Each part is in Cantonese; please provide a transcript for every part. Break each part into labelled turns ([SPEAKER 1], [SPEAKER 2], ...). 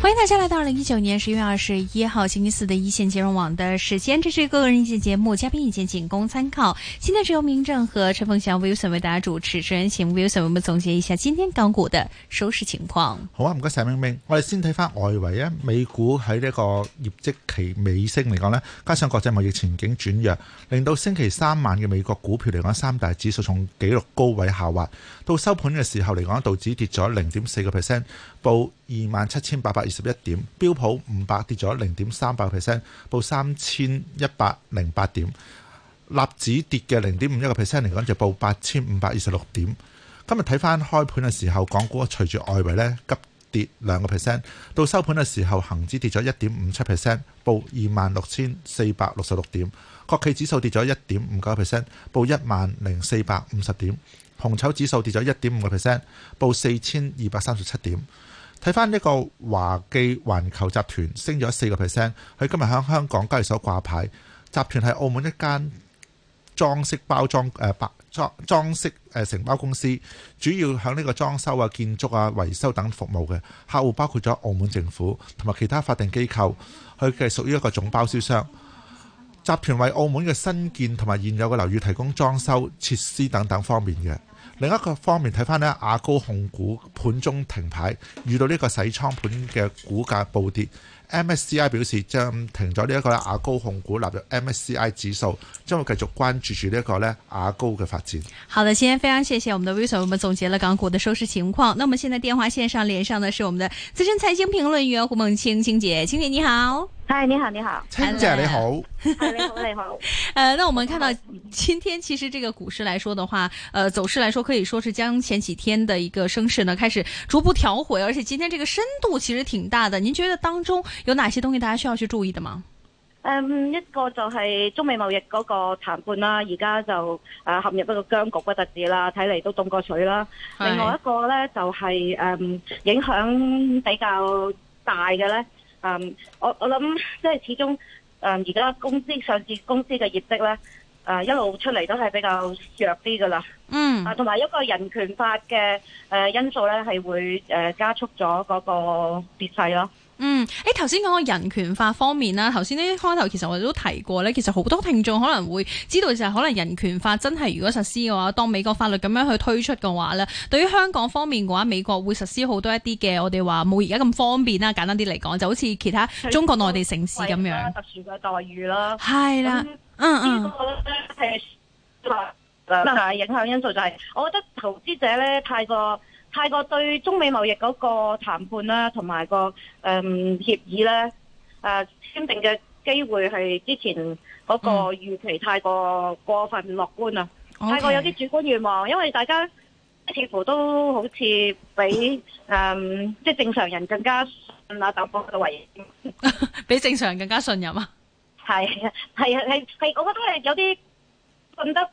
[SPEAKER 1] 歡迎大家來到二零一九年十一月二十一號星期四的一線金融網的時間，這是個人意見節目，嘉賓意見僅供參考。今天是由民正和陳鳳翔 Wilson 為大家主持，請 Wilson，為我們總結一下今天港股的收市情況。
[SPEAKER 2] 好啊，唔該晒，明明。我哋先睇翻外圍啊，美股喺呢個業績期尾聲嚟講呢，加上國際貿易前景轉弱，令到星期三晚嘅美國股票嚟講，三大指數從紀錄高位下滑，到收盤嘅時候嚟講，道指跌咗零點四個 percent，報，二萬七千八百二十一點，標普五百跌咗零點三八個 percent，報三千一百零八點。納指跌嘅零點五一個 percent 嚟講，就報八千五百二十六點。今日睇翻開盤嘅時候，港股隨住外圍呢急跌兩個 percent，到收盤嘅時候，恒指跌咗一點五七 percent，報二萬六千四百六十六點。國企指數跌咗一點五九 percent，報一萬零四百五十點。紅籌指數跌咗一點五個 percent，報四千二百三十七點。睇翻呢個華記環球集團升咗四個 percent，佢今日喺香港交易所掛牌。集團係澳門一間裝飾包裝誒，包裝裝飾誒，承包公司，主要響呢個裝修啊、建築啊、維修等服務嘅客戶包括咗澳門政府同埋其他法定機構。佢係屬於一個總包銷商，集團為澳門嘅新建同埋現有嘅樓宇提供裝修、設施等等方面嘅。另一個方面睇翻呢，雅高控股盤中停牌，遇到呢個洗倉盤嘅股價暴跌，MSCI 表示將停咗呢一個雅高控股納入 MSCI 指數，將會繼續關注住呢一個咧雅高嘅發展。
[SPEAKER 1] 好的，先非常謝謝我們的 Vinson，我們總結了港股的收市情況。那麼現在電話線上連上嘅是我們的資深財經評論員胡孟青，青姐，青姐你好。嗨，你好，你好，青姐你好，你好，
[SPEAKER 2] 你
[SPEAKER 1] 好，誒，那我們看到今天其實這個股市來說的話，呃走勢來說，可以說是將前幾天的一個升勢呢開始逐步調回，而且今天這個深度其實挺大的，您覺得當中有哪些東西大家需要去注意的嗎？嗯，
[SPEAKER 3] 一個就係中美貿易嗰個談判啦，而家就誒陷入一個僵局不特止啦，睇嚟都凍過水啦。另外一個咧就係、是、誒、嗯、影響比較大嘅咧。嗯，我我諗即係始終，誒而家公司上市公司嘅業績咧，誒、呃、一路出嚟都係比較弱啲噶啦。嗯。啊，同埋一個人權法嘅誒、呃、因素咧，係會誒加速咗嗰個跌勢咯。嗯，誒
[SPEAKER 1] 頭先講個人權法方面啦，頭先呢開頭其實我哋都提過咧，其實好多聽眾可能會知道就係可能人權法真係如果實施嘅話，當美國法律咁樣去推出嘅話咧，對於香港方面嘅話，美國會實施好多一啲嘅我哋話冇而家咁方便啦，簡單啲嚟講，就好似其他中國內地城市咁樣特殊
[SPEAKER 3] 嘅待遇啦，係啦，嗯嗯，呢個咧係嗱嗱就係影響因素就係、係，我覺得投資者咧太過。太過對中美貿易嗰個談判啦，那個，同埋個誒協議咧，誒簽訂嘅機會係之前嗰個預期太過過分樂觀啦。太，嗯，過有啲主觀願望，因為大家似乎都好似比誒，嗯，即係正常人更加信那特朗普嘅話，比正常人更加信任啊？係 啊，係啊，係係，我覺得係有啲信得。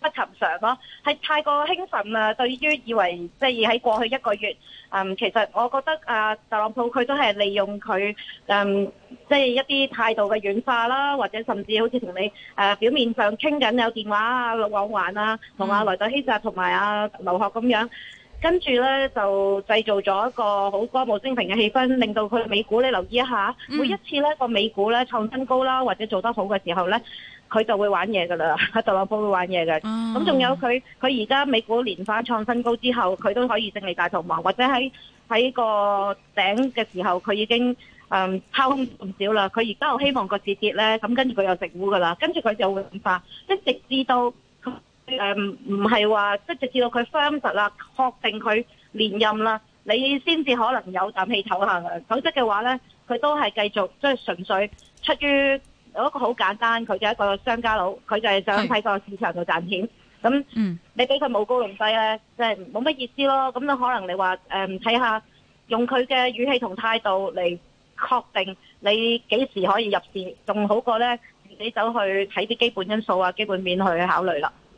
[SPEAKER 3] 不尋常咯、啊，係太過興奮啦！對於以為即係喺過去一個月，嗯，其實我覺得啊，特朗普佢都係利用佢，嗯，即係一啲態度嘅軟化啦，或者甚至好似同你誒表面上傾緊有電話啊、往還啊，同啊萊特希澤同埋啊劉鶴咁樣。跟住呢，就製造咗一個好歌舞升平嘅氣氛，令到佢美股你留意一下，嗯、每一次呢個美股呢創新高啦，或者做得好嘅時候呢，佢就會玩嘢噶啦，特朗普會玩嘢嘅。咁、嗯、仲有佢佢而家美股連番創新高之後，佢都可以勝利大逃亡，或者喺喺個頂嘅時候，佢已經誒拋空唔少啦。佢而家好希望個節跌呢。咁跟住佢又食烏噶啦，跟住佢就會反彈，即直至到。誒唔唔係話即係直至到佢 firm 實啦，確定佢連任啦，你先至可能有啖氣唞下。否則嘅話呢，佢都係繼續即係、就是、純粹出於有一個好簡單，佢就係一個商家佬，佢就係想喺個市場度賺錢。咁、嗯、你俾佢冇高冇低呢，即係冇乜意思咯。咁都可能你話誒睇下用佢嘅語氣同態度嚟確定你幾時可以入市，仲好過呢，自己走去睇啲基本因素啊、基本面去考慮啦。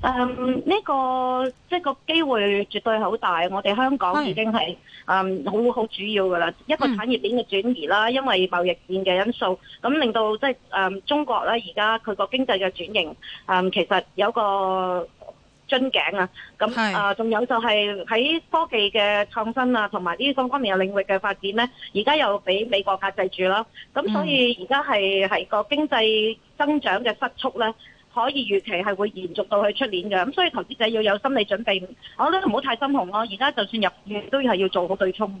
[SPEAKER 3] 誒、um, 這個，呢個即係個機會絕對好大，我哋香港已經係誒好好主要噶啦，一個產業鏈嘅轉移啦、嗯，因為貿易戰嘅因素，咁令到即係誒、um, 中國咧而家佢個經濟嘅轉型，誒、嗯、其實有個樽頸啊，咁誒仲有就係喺科技嘅創新啊，同埋呢方方面嘅領域嘅發展咧，而家又俾美國壓制住啦，咁所以而家係係個經濟增長嘅失速咧。可以預期係會延續到去出年嘅，咁所以投資者要有心理準備，我覺得唔好太心紅咯。而家就算入市，都係要做好對沖。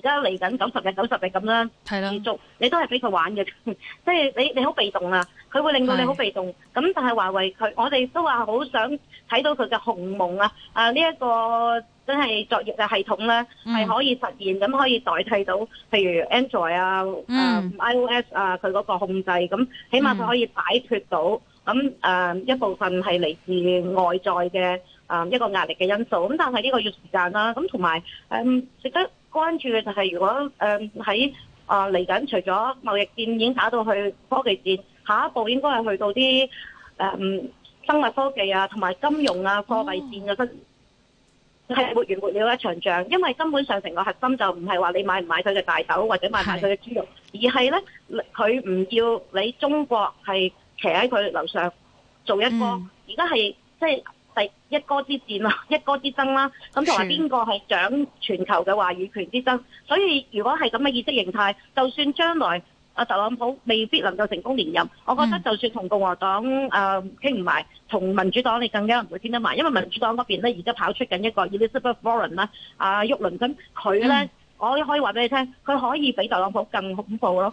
[SPEAKER 3] 而家嚟緊九十日，九十日咁啦，持續你都係俾佢玩嘅，即 係你你好被動啊。佢會令到你好被動。咁但係華為佢，我哋都話好想睇到佢嘅鴻蒙啊。啊，呢、這、一個真係作業嘅系統咧，係、嗯、可以實現咁可以代替到，譬如 Android 啊、嗯、iOS 啊，佢嗰個控制咁，起碼佢可以擺脫到咁。誒、嗯嗯嗯、一部分係嚟自外在嘅啊一個壓力嘅因素咁，但係呢個要時間啦。咁同埋誒值得。關注嘅就係如果誒喺嚟緊，嗯呃、除咗貿易戰已經打到去科技戰，下一步應該係去到啲嗯生物科技啊，同埋金融啊、貨幣戰嘅。陣、
[SPEAKER 2] 哦，係冇
[SPEAKER 3] 完冇了一場仗，因為根本上成個核心就唔係話你買唔買佢嘅大豆或者買唔買佢嘅豬肉，是而係咧佢唔要你中國係騎喺佢樓上做一個而家係即係。嗯第一哥之戰啦，一哥之爭啦，咁同埋邊個係掌全球嘅話語權之爭？所以如果係咁嘅意識形態，就算將來啊特朗普未必能夠成功連任，我覺得就算同共和黨誒傾唔埋，同、呃、民主黨你更加唔會傾得埋，因為民主黨嗰邊咧而家跑出緊一個 Elizabeth Warren 啦、呃，阿沃倫咁佢咧，呢嗯、我可以話俾你聽，佢可以比特朗普更恐怖咯。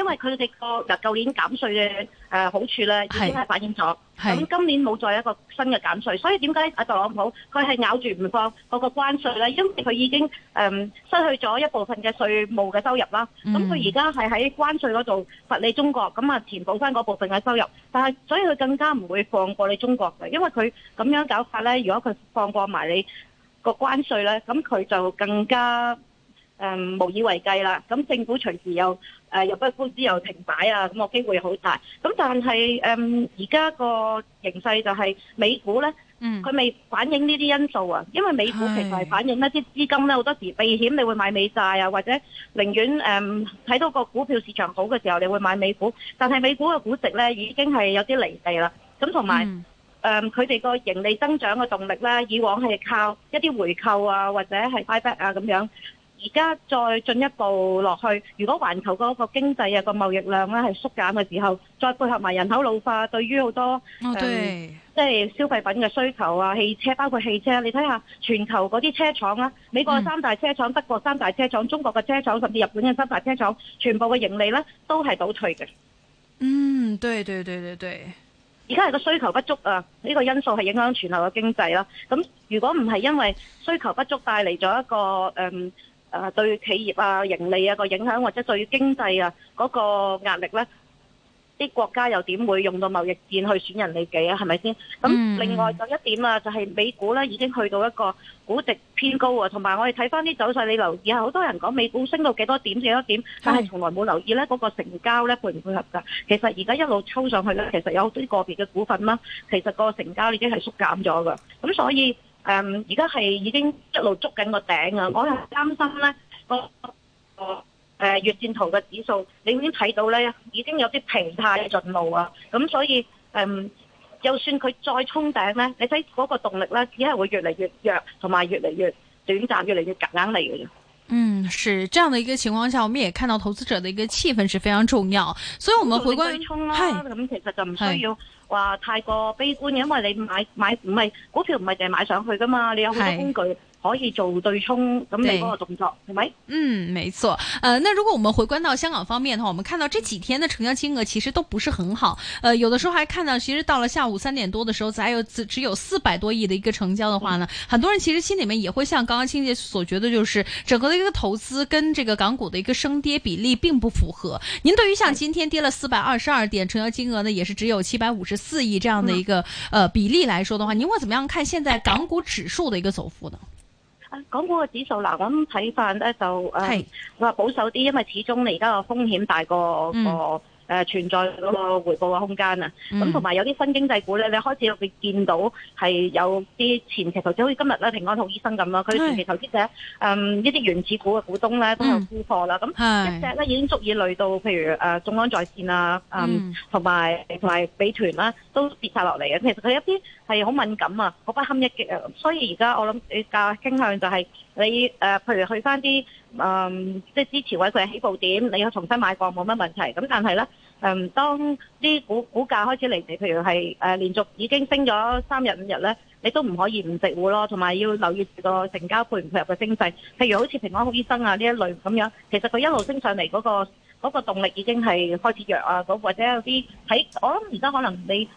[SPEAKER 3] 因為佢哋個嗱，舊年減稅嘅誒好處咧，已經係反映咗。咁今年冇再一個新嘅減稅，所以點解阿特朗普佢係咬住唔放嗰個關稅咧？因為佢已經誒失去咗一部分嘅稅務嘅收入啦。咁佢而家係喺關稅嗰度罰你中國，咁啊填補翻嗰部分嘅收入。但係所以佢更加唔會放過你中國嘅，因為佢咁樣搞法咧。如果佢放過埋你個關稅咧，咁佢就更加。誒、嗯、無以為繼啦。咁、嗯、政府隨時又誒、呃、又入不敷支又停擺啊。咁、嗯、我機會好大。咁、嗯、但係誒而家個形勢就係美股咧，佢、嗯、未反映呢啲因素啊。因為美股其實係反映一啲資金咧，好多時避險，你會買美債啊，或者寧願誒睇、嗯、到個股票市場好嘅時候，你會買美股。但係美股嘅估值咧已經係有啲離地啦。咁同埋誒佢哋個盈利增長嘅動力咧，以往係靠一啲回購啊，或者係 buy back 啊咁樣。而家再進一步落去，如果環球嗰個經濟啊、個貿易量咧係縮減嘅時候，再配合埋人口老化，對於好多即係、哦嗯就是、消費品嘅需求啊，汽車，包括汽車，你睇下全球嗰啲車廠啦、啊，美國嘅三大車廠、嗯、德國三大車廠、中國嘅車廠，甚至日本嘅三大車廠，全部嘅盈利呢都係倒退嘅。嗯，
[SPEAKER 1] 對對對
[SPEAKER 3] 對對，而家係個需求不足啊，呢、呢個因素係影響全球嘅經濟啦、啊。咁如果唔係因為需求不足帶嚟咗一個誒。嗯誒對企業啊、盈利啊、這個影響，或者對經濟啊嗰、那個壓力呢、啊，啲國家又點會用到貿易戰去損人利己啊？係咪先？咁另外就一點啦、啊，就係、是、美股呢已經去到一個估值偏高啊，同埋我哋睇翻啲走勢，你留意下，好多人講美股升到幾多點幾多點，但係從來冇留意呢嗰、那個成交呢配唔配合㗎？其實而家一路抽上去呢，其實有好多個別嘅股份啦，其實個成交已經係縮減咗㗎，咁所以。誒、嗯，而家係已經一路捉緊個頂啊！我又擔心咧個誒月線圖嘅指數，你已經睇到咧已經有啲疲態嘅進路啊！咁、嗯、所以誒，就、嗯、算佢再衝頂咧，你睇嗰個動力咧，只係會越嚟越弱，同埋越嚟越短暫，越嚟越夾硬嚟嘅。嗯，
[SPEAKER 1] 是，這樣的一個情況下，我們也看到投資者的一個氣氛是非常重要，所以我們回歸衝啦，咁、
[SPEAKER 3] 啊嗯、其實就唔需要。話太過悲觀嘅，因為你買買唔係股票唔係淨係買上去㗎嘛，你有好多工具。可以
[SPEAKER 1] 做對沖，咁你個動作係咪？嗯，沒錯。呃，那如果我們回觀到香港方面的話，我們看到這幾天的成交金額其實都不是很好。呃，有的時候還看到，其實到了下午三點多的時候，才有只只有四百多億的一個成交的話呢，嗯，很多人其實心裏面也會像剛剛青姐所覺得，就是整個的一個投資跟這個港股的一個升跌比例並不符合。您對於像今天跌了四百二十二點，成交金額呢也是只有七百五十四億，這樣的一個，嗯，呃比例來說的話，您會怎麼樣看現在港股指數的一個走幅呢？
[SPEAKER 3] 港股個指數嗱，我、啊、睇法呢就誒、啊、話保守啲，因為始終你而家個風險大過個，嗯誒、呃、存在嗰個回報嘅空間啊，咁同埋有啲新經濟股咧，你開始會見到係有啲前期投資，好似今日咧平安好醫生咁啦，佢前期投資者，嗯，一啲原始股嘅股東咧都有沽貨啦，咁、嗯嗯、一隻咧已經足以累到，譬如誒、呃、眾安在線啊，嗯，同埋同埋美團啦、啊，都跌晒落嚟嘅，其實佢一啲係好敏感啊，好不堪一擊。啊，所以而家我諗比較傾向就係、是。你誒、呃，譬如去翻啲誒，即係支持位佢起步點，你可重新買過，冇乜問題。咁但係咧，嗯，當啲股股價開始嚟，你譬如係誒、呃、連續已經升咗三日五日咧，你都唔可以唔食糊咯。同埋要留意個成交配唔配合嘅升勢。譬如好似平安好醫生啊呢一類咁樣，其實佢一路升上嚟嗰、嗰個嗰、嗰個、動力已經係開始弱啊。嗰或者有啲喺我諗而家可能你。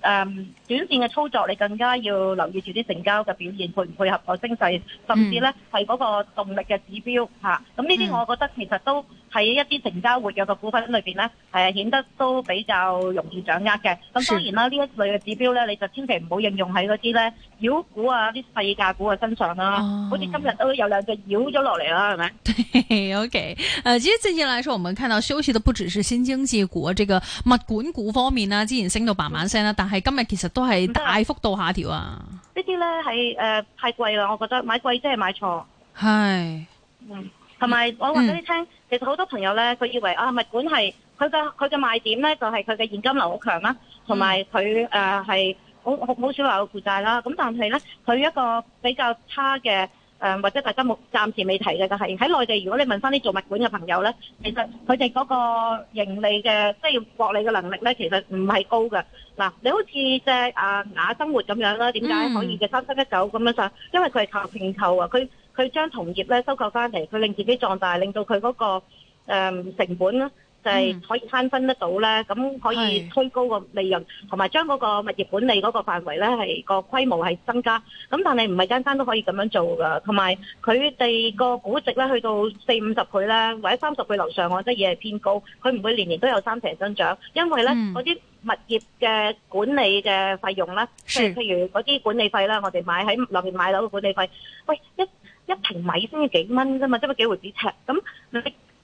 [SPEAKER 3] 誒、嗯，短線嘅操作你更加要留意住啲成交嘅表現配唔配合個升勢，甚至咧係嗰個動力嘅指標吓。咁呢啲我覺得其實都喺一啲成交活躍嘅股份裏邊咧，係、呃、顯得都比較容易掌握嘅。咁當然啦，呢一類嘅指標咧，你就千祈唔好應用喺嗰啲咧妖股啊、啲細價股嘅身上啦，啊。好、哦、似今日都有兩隻妖咗落嚟啦，係咪？OK。誒、okay
[SPEAKER 1] 呃，其實最近來說，我們看到休息的不只是新經濟股，啊，這個物管股方面呢，啊，之前升到八萬三啦，大、嗯。但係今日其實都係大幅度下調啊，啊！
[SPEAKER 3] 這些呢啲呢係誒太貴啦，我覺得買貴即係買錯。
[SPEAKER 1] 係，嗯，
[SPEAKER 3] 同埋我話俾你聽、嗯，其實好多朋友呢，佢以為啊物管係佢嘅佢嘅賣點咧，就係佢嘅現金流好強啦，同埋佢誒係好好少話有負債啦。咁、呃、但係呢，佢一個比較差嘅。誒或者大家冇暫時未提嘅就係喺內地，如果你問翻啲做物管嘅朋友咧，其實佢哋嗰個盈利嘅即係要獲利嘅能力咧，其實唔係高㗎。嗱、啊，你好似隻啊雅、啊、生活咁樣啦，點解可以嘅三七一九咁樣上？嗯、因為佢係靠併購啊，佢佢將同業咧收購翻嚟，佢令自己壯大，令到佢嗰、那個、嗯、成本。就係、是、可以攤分得到咧，咁、嗯、可以推高個利潤，同埋將嗰個物業管理嗰個範圍咧係個規模係增加。咁但係唔係間間都可以咁樣做噶，同埋佢哋個估值咧去到四五十倍咧，或者三十倍樓上，我覺得嘢係偏高。佢唔會年年都有三成增長，因為咧嗰啲物業嘅管理嘅費用咧，就是、譬如嗰啲管理費啦，我哋買喺內地買樓嘅管理費，喂一一平米先幾蚊啫嘛，即係幾毫子尺咁。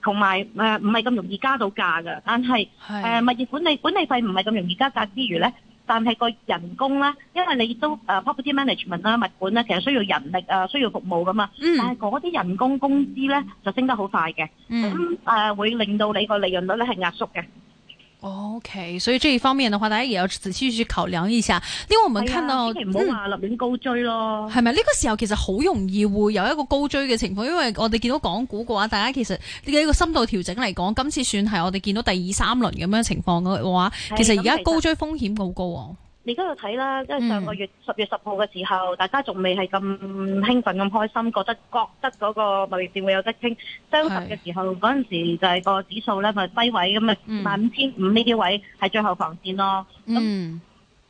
[SPEAKER 3] 同埋誒唔係咁容易加到價噶，但係誒、呃、物業管理管理費唔係咁容易加價之餘咧，但係個人工咧，因為你都誒、呃、property management 啦、物管咧，其實需要人力啊、呃，需要服務噶嘛，嗯、但係嗰啲人工工資咧就升得好快嘅，咁、嗯、誒、呃、會令到你個利潤率咧係壓縮嘅。
[SPEAKER 1] O、okay, K，所以呢一方面的話，大家也要仔細去考量一下。因、這個我們看到，嗯、啊，唔好話
[SPEAKER 3] 立亂高追囉，係咪
[SPEAKER 1] 呢個時候其實好容易會有一個高追嘅情況？因為我哋見到港股嘅話，大家其實呢個深度調整嚟講，今次算係我哋見到第二、三輪咁樣情況嘅話、啊，其實而家高追風險好高。
[SPEAKER 3] 你都度睇啦，因為上個月十月十號嘅時候，嗯、大家仲未係咁興奮咁開心，覺得覺得嗰個貿易戰會有得傾。雙十嘅時候嗰陣時就係個指數咧咪、就是、低位咁啊，萬五千五呢啲位係最後防線咯。嗯。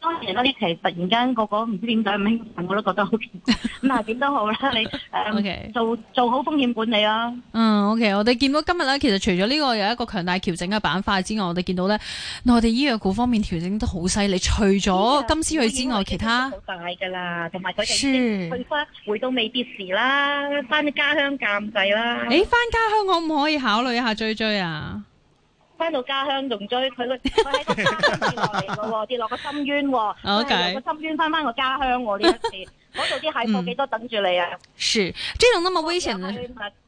[SPEAKER 3] 當然啦，呢期，突然間個個唔知點解，咁我都覺得好奇 都好。唔係點都好啦，你、呃、誒 Okay. 做
[SPEAKER 1] 做好風險管理啦、啊。嗯，OK。我哋見到今日咧，其實除咗呢個有一個強大調整嘅板塊之外，我哋見到咧內地醫藥股方面調整得好犀利。除咗金斯瑞之外，啊、其他
[SPEAKER 3] 好大噶啦。同埋佢哋去翻回到未啲時啦，翻啲家鄉監製啦。誒，翻家鄉可唔可以考
[SPEAKER 1] 慮下追追啊？
[SPEAKER 3] 翻到家鄉仲追佢，佢喺度跌落嚟咯喎，跌落個深淵喎，跌落個深淵翻翻個家鄉喎，呢一次嗰度啲蟹貨幾多等住你啊！是，這種那麼危險啊！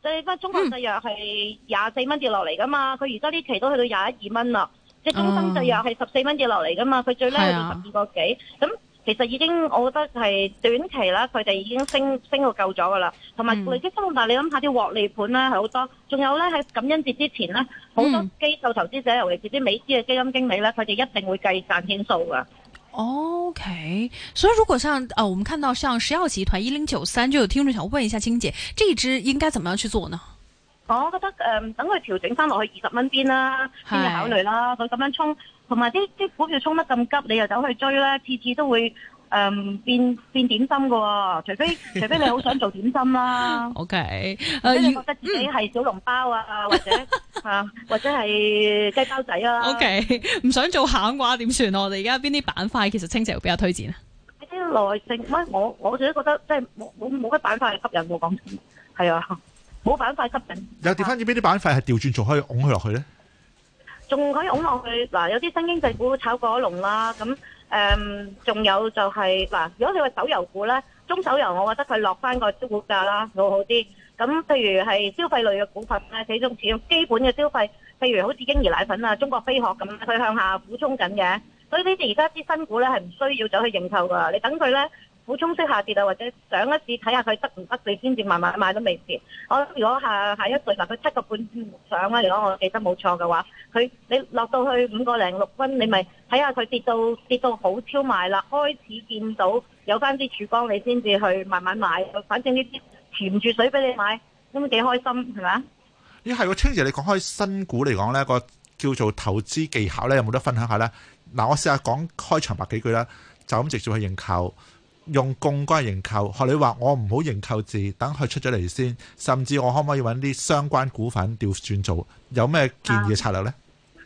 [SPEAKER 3] 即係嗰中生製藥係廿四蚊跌落嚟噶嘛，佢而家呢期都去到廿一二蚊啦，即中生製藥係十四蚊跌落嚟噶嘛，佢、oh. 最叻係十二個幾咁。嗯。其實已經我覺得係短期啦，佢哋已經升升到夠咗噶啦，同埋累緊都，但、嗯、係你諗下啲獲利盤啦，係好多，仲有咧喺感恩節之前咧，好多機構投資者，嗯、尤其是啲美資嘅基金經理咧，佢哋一定會計賺錢數噶。
[SPEAKER 1] O、okay, K，所以如果像啊、呃，我們看到像石藥集團一零九三，就有聽眾想問一下青姐，這支應該怎麼樣去做呢？
[SPEAKER 3] 我覺得誒、呃，等佢調整翻落去二十蚊邊啦，先去考慮啦。佢、hey. 咁樣衝。同埋啲啲股票衝得咁急，你又走去追啦，次次都會誒、嗯、變變點心㗎喎，除非除非你好想做點心啦、啊。 o、
[SPEAKER 1] okay,
[SPEAKER 3] K，你覺得自己係小籠包啊， 或者啊，或者係雞包仔啊。O K，
[SPEAKER 1] 唔想做餡嘅話點算啊？我哋而
[SPEAKER 3] 家邊啲板
[SPEAKER 1] 塊其實青姐又比較推薦啊？
[SPEAKER 3] 啲耐性咩？我我自己覺得即係冇冇冇乜板塊吸引我講真，係啊，冇板塊吸引。
[SPEAKER 2] 又跌翻轉，邊啲板塊係調轉做可以拱佢落去咧？
[SPEAKER 3] 仲可以拱落去嗱，有啲新經濟股炒過龍啦，咁、嗯、誒，仲有就係、是、嗱，如果你話手遊股咧，中手遊我覺得佢落翻個招股價啦，好好啲。咁、嗯、譬如係消費類嘅股份咧，其中基本嘅消費，譬如好似嬰兒奶粉啊、中國飛鶴咁，佢向下補充緊嘅。所以呢啲而家啲新股咧，係唔需要走去認購噶，你等佢咧。補充式下跌啊，或者上一次睇下佢得唔得你先至慢慢買都未遲。我諗如果下係一對話，佢七個半上啦。如果我記得冇錯嘅話，佢你落到去五個零六分，你咪睇下佢跌到跌到好超賣啦，開始見到有翻啲曙光，你先至去慢慢買。反正呢啲填住水俾你買，咁幾開心係嘛？
[SPEAKER 2] 咦，係喎，青姐，你講開新股嚟講咧，個叫做投資技巧咧，有冇得分享下咧？嗱，我試下講開場白幾句啦，就咁直接去認購，用槓桿認購，學你話我唔好認購字，等佢出咗嚟先，甚至我可唔可以揾啲相關股份調轉做？有咩建議策略呢？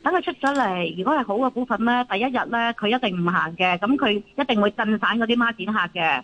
[SPEAKER 2] 啊、
[SPEAKER 3] 等佢出咗嚟，如果係好嘅股份呢，第一日呢，佢一定唔行嘅，咁佢一定會震散嗰啲孖展客嘅。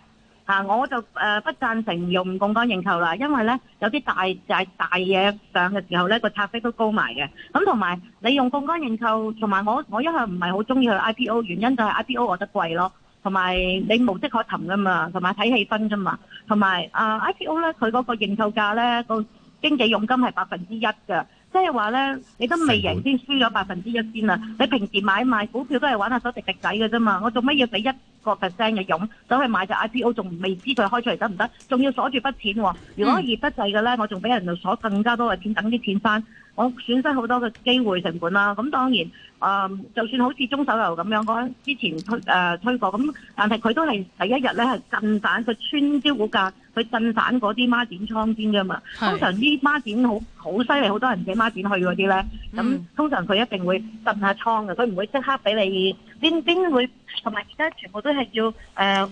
[SPEAKER 3] 嚇、啊，我就誒、呃、不贊成用槓桿認購啦，因為呢，有啲大就係大嘢上嘅時候呢，個拆息都高埋嘅。咁同埋你用槓桿認購，同埋我我一向唔係好中意去 IPO，原因就係 IPO 我覺得貴咯。同埋你無跡可尋噶嘛，同埋睇氣氛噶嘛，同埋啊 IPO 咧，佢嗰個認購價咧，個經紀佣金係百分之一㗎。即係話咧，你都未贏先輸咗百分之一先啊！你平時買賣股票都係玩下手提滴仔㗎啫嘛，我做乜要俾一個 percent 嘅傭走去買隻 IPO，仲未知佢開出嚟得唔得，仲要鎖住筆錢喎、啊？如果熱得滯嘅咧，我仲俾人哋鎖更加多嘅錢，等啲錢返。我損失好多嘅機會成本啦，咁當然、呃，就算好似中手遊咁樣講，之前推誒、呃、推過，咁但係佢都係第一日咧係震散佢穿招股價，佢震散嗰啲孖展倉先㗎嘛。通常啲孖展好好犀利，好多人寫孖展去嗰啲咧，咁、嗯、通常佢一定會震下倉嘅，佢唔會即刻俾你邊邊會，同埋而家全部都係要誒，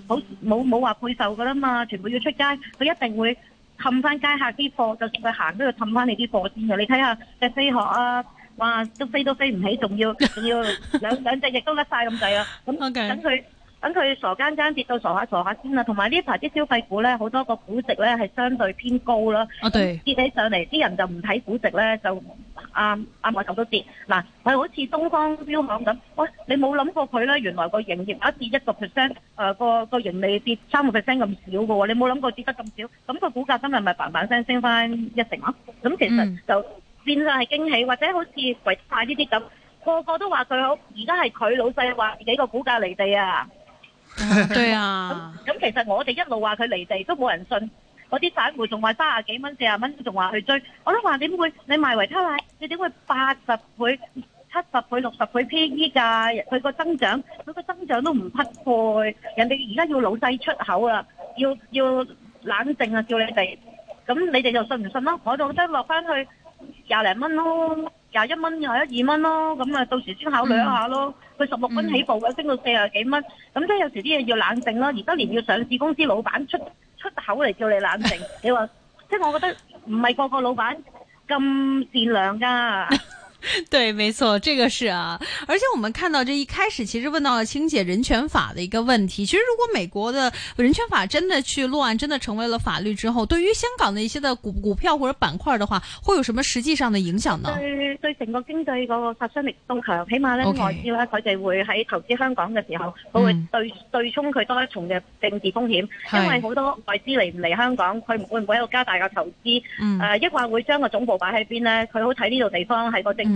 [SPEAKER 3] 好冇冇話配售㗎啦嘛，全部要出街，佢一定會。氹翻街下啲貨，就算佢行都要氹翻你啲貨先嘅。你睇下，隻飛鶴啊，哇，都飛都飛唔起，仲要仲要兩兩隻翼都甩晒咁滯啊！咁等佢等佢傻更更跌到傻下傻下先啦。同埋呢排啲消費股咧，好多個估值咧係相對偏高啦。哦、oh，對，跌、嗯、起上嚟，啲人就唔睇估值咧，就。啊、嗯嗯嗯、啊！外咁都跌嗱，佢好似東方標行咁，喂，你冇諗過佢咧？原來個營業一跌一、呃、個 percent，誒個個盈利跌三個 percent 咁少嘅喎，你冇諗過跌得咁少，咁、個股價今日咪嘭嘭聲升翻一成咯？咁其實就變相係驚喜，或者好似偉快呢啲咁，個個都話佢好，而家係佢老細話幾個股價離地啊？對 啊、嗯，咁、 嗯、其實我哋一路話佢離地都冇人信。我啲散戶仲話三十幾蚊、四十蚊，仲話去追。我都話點會？你賣維他奶，你點會八十倍、七十倍、六十倍 P E 噶？佢個增長，佢個增長都唔匹配。人哋而家要老細出口啊，要要冷靜啊，叫你哋。咁你哋就信唔信咯？我都覺得落翻去廿零蚊咯，廿一蚊又係一二蚊咯。咁啊，到時先考慮一下咯。佢十六蚊起步嘅，升到四十幾蚊。咁即係有時啲嘢要冷靜咯。而家連要上市公司老闆出。出口嚟叫你冷靜，你話即係我覺得唔係個個老闆咁善良噶。
[SPEAKER 1] 對，沒錯，這個是啊。而且我們看到這一開始，其實問到了青姐人權法的一個問題。其實如果美國的人權法真的去落案，真的成為了法律之後，對於香港的一些的股股票或者板塊的話，會有什麼實際上的影響呢？對
[SPEAKER 3] 對，整個經濟嗰個殺傷力增強，起碼咧、okay. 外資呢佢哋會喺投資香港嘅時候，會對、嗯、對沖佢多一重嘅政治風險。因為好多外資嚟唔嚟香港，佢會唔會喺度加大個投資？嗯。誒、呃，抑或會，會將個總部擺喺邊呢？佢好睇呢度地方係個政、嗯。